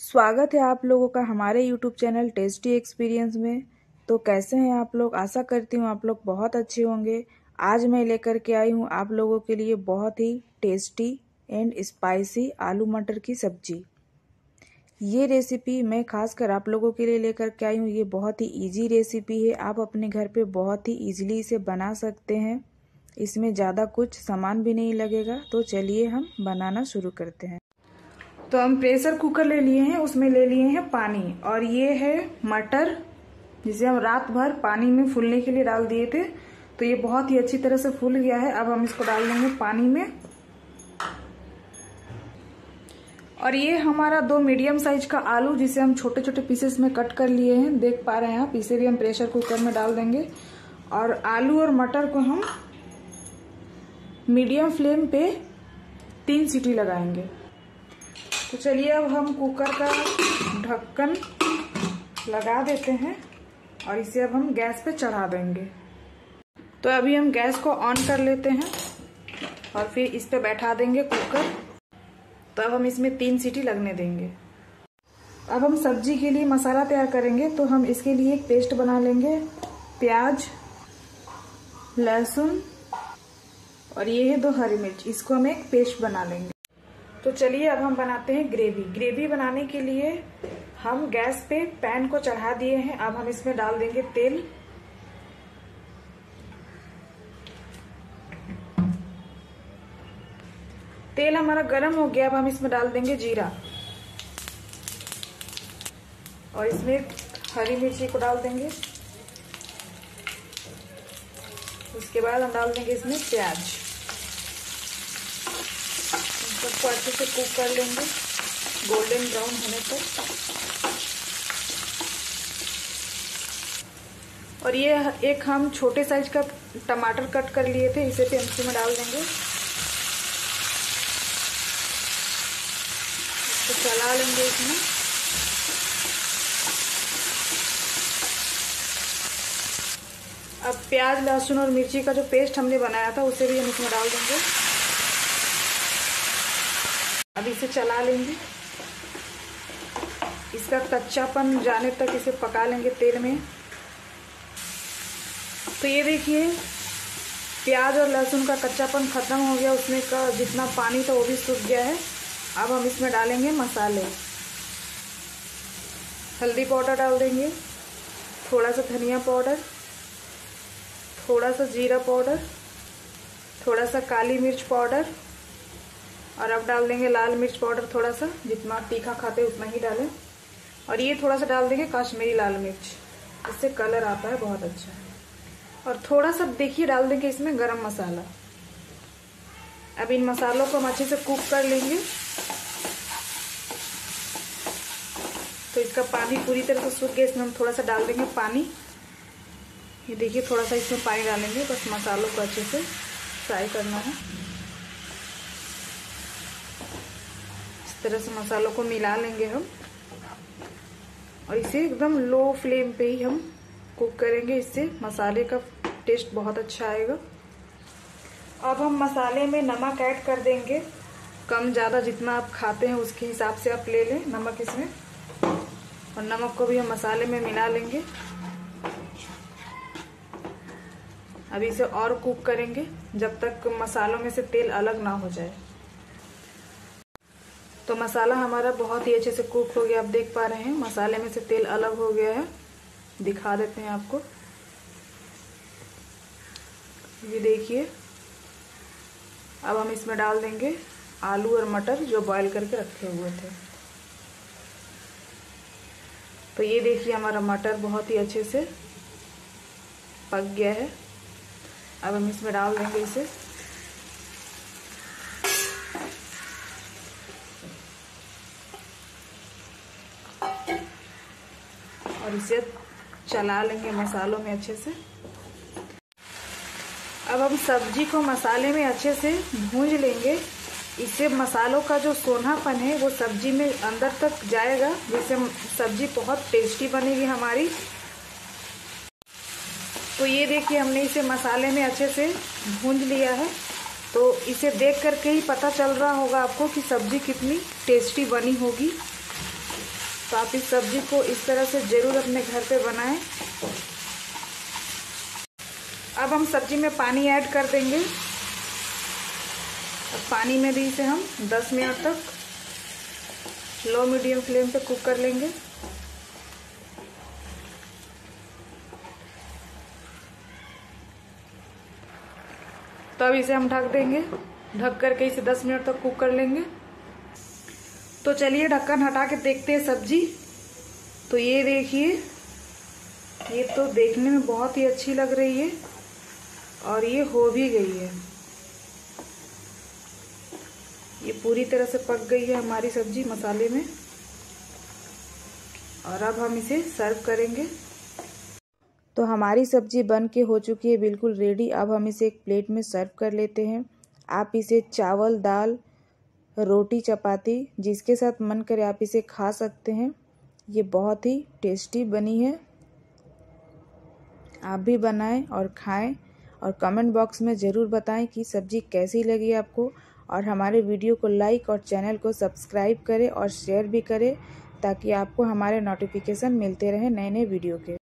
स्वागत है आप लोगों का हमारे यूट्यूब चैनल टेस्टी एक्सपीरियंस में तो कैसे हैं आप लोग आशा करती हूँ आप लोग बहुत अच्छे होंगे आज मैं लेकर के आई हूँ आप लोगों के लिए बहुत ही टेस्टी एंड स्पाइसी आलू मटर की सब्जी ये रेसिपी मैं खासकर आप लोगों के लिए लेकर के आई हूँ ये बहुत ही इजी रेसिपी है आप अपने घर पे बहुत ही इजीली इसे बना सकते हैं इसमें ज़्यादा कुछ सामान भी नहीं लगेगा तो चलिए हम बनाना शुरू करते हैं तो हम प्रेशर कुकर ले लिए हैं उसमें ले लिए हैं पानी और ये है मटर जिसे हम रात भर पानी में फूलने के लिए डाल दिए थे तो ये बहुत ही अच्छी तरह से फूल गया है अब हम इसको डाल देंगे पानी में और ये हमारा दो मीडियम साइज का आलू जिसे हम छोटे छोटे पीसेस में कट कर लिए हैं देख पा रहे हैं आप इसे भी हम प्रेशर कुकर में डाल देंगे और आलू और मटर को हम मीडियम फ्लेम पे तीन सीटी लगाएंगे तो चलिए अब हम कुकर का ढक्कन लगा देते हैं और इसे अब हम गैस पे चढ़ा देंगे तो अभी हम गैस को ऑन कर लेते हैं और फिर इस पे बैठा देंगे कुकर तो अब हम इसमें तीन सीटी लगने देंगे अब हम सब्जी के लिए मसाला तैयार करेंगे तो हम इसके लिए एक पेस्ट बना लेंगे प्याज लहसुन और ये है दो हरी मिर्च इसको हम एक पेस्ट बना लेंगे तो चलिए अब हम बनाते हैं ग्रेवी ग्रेवी बनाने के लिए हम गैस पे पैन को चढ़ा दिए हैं अब हम इसमें डाल देंगे तेल तेल हमारा गर्म हो गया अब हम इसमें डाल देंगे जीरा और इसमें हरी मिर्ची को डाल देंगे उसके बाद हम डाल देंगे इसमें प्याज इसको अच्छे से कुक कर लेंगे गोल्डन ब्राउन होने तक और ये एक हम छोटे साइज का टमाटर कट कर लिए थे इसे भी हम में डाल देंगे इसको चला लेंगे इसमें अब प्याज लहसुन और मिर्ची का जो पेस्ट हमने बनाया था उसे भी हम इसमें डाल देंगे अब इसे चला लेंगे इसका कच्चापन जाने तक इसे पका लेंगे तेल में तो ये देखिए प्याज और लहसुन का कच्चापन ख़त्म हो गया उसमें का जितना पानी था वो भी सूख गया है अब हम इसमें डालेंगे मसाले हल्दी पाउडर डाल देंगे थोड़ा सा धनिया पाउडर थोड़ा सा जीरा पाउडर थोड़ा सा काली मिर्च पाउडर और अब डाल देंगे लाल मिर्च पाउडर थोड़ा सा जितना तीखा खाते उतना ही डालें और ये थोड़ा सा डाल देंगे काश्मीरी लाल मिर्च इससे कलर आता है बहुत अच्छा और थोड़ा सा देखिए डाल देंगे इसमें गरम मसाला अब इन मसालों को हम अच्छे से कुक कर लेंगे तो इसका पानी पूरी तरह से सूख गया इसमें हम थोड़ा सा डाल देंगे पानी ये देखिए थोड़ा सा इसमें पानी डालेंगे बस मसालों को अच्छे से फ्राई करना है तरह से मसालों को मिला लेंगे हम और इसे एकदम लो फ्लेम पे ही हम कुक करेंगे इससे मसाले का टेस्ट बहुत अच्छा आएगा अब हम मसाले में नमक ऐड कर देंगे कम ज़्यादा जितना आप खाते हैं उसके हिसाब से आप ले लें नमक इसमें और नमक को भी हम मसाले में मिला लेंगे अब इसे और कुक करेंगे जब तक मसालों में से तेल अलग ना हो जाए तो मसाला हमारा बहुत ही अच्छे से कुक हो गया आप देख पा रहे हैं मसाले में से तेल अलग हो गया है दिखा देते हैं आपको ये देखिए अब हम इसमें डाल देंगे आलू और मटर जो बॉईल करके रखे हुए थे तो ये देखिए हमारा मटर बहुत ही अच्छे से पक गया है अब हम इसमें डाल देंगे इसे और इसे चला लेंगे मसालों में अच्छे से अब हम सब्जी को मसाले में अच्छे से भूंज लेंगे इससे मसालों का जो सोनापन है वो सब्जी में अंदर तक जाएगा जिससे सब्जी बहुत टेस्टी बनेगी हमारी तो ये देखिए हमने इसे मसाले में अच्छे से भूंज लिया है तो इसे देख करके ही पता चल रहा होगा आपको कि सब्जी कितनी टेस्टी बनी होगी तो आप इस सब्जी को इस तरह से ज़रूर अपने घर पे बनाएं अब हम सब्जी में पानी ऐड कर देंगे अब पानी में भी इसे हम 10 मिनट तक लो मीडियम फ्लेम पे कुक कर लेंगे तो अब इसे हम ढक देंगे ढक करके इसे 10 मिनट तक कुक कर लेंगे तो चलिए ढक्कन हटा के देखते हैं सब्जी तो ये देखिए ये तो देखने में बहुत ही अच्छी लग रही है और ये हो भी गई है ये पूरी तरह से पक गई है हमारी सब्जी मसाले में और अब हम इसे सर्व करेंगे तो हमारी सब्जी बन के हो चुकी है बिल्कुल रेडी अब हम इसे एक प्लेट में सर्व कर लेते हैं आप इसे चावल दाल रोटी चपाती जिसके साथ मन करे आप इसे खा सकते हैं ये बहुत ही टेस्टी बनी है आप भी बनाएं और खाएं और कमेंट बॉक्स में ज़रूर बताएं कि सब्ज़ी कैसी लगी आपको और हमारे वीडियो को लाइक और चैनल को सब्सक्राइब करें और शेयर भी करें ताकि आपको हमारे नोटिफिकेशन मिलते रहे नए नए वीडियो के